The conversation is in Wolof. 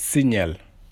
signal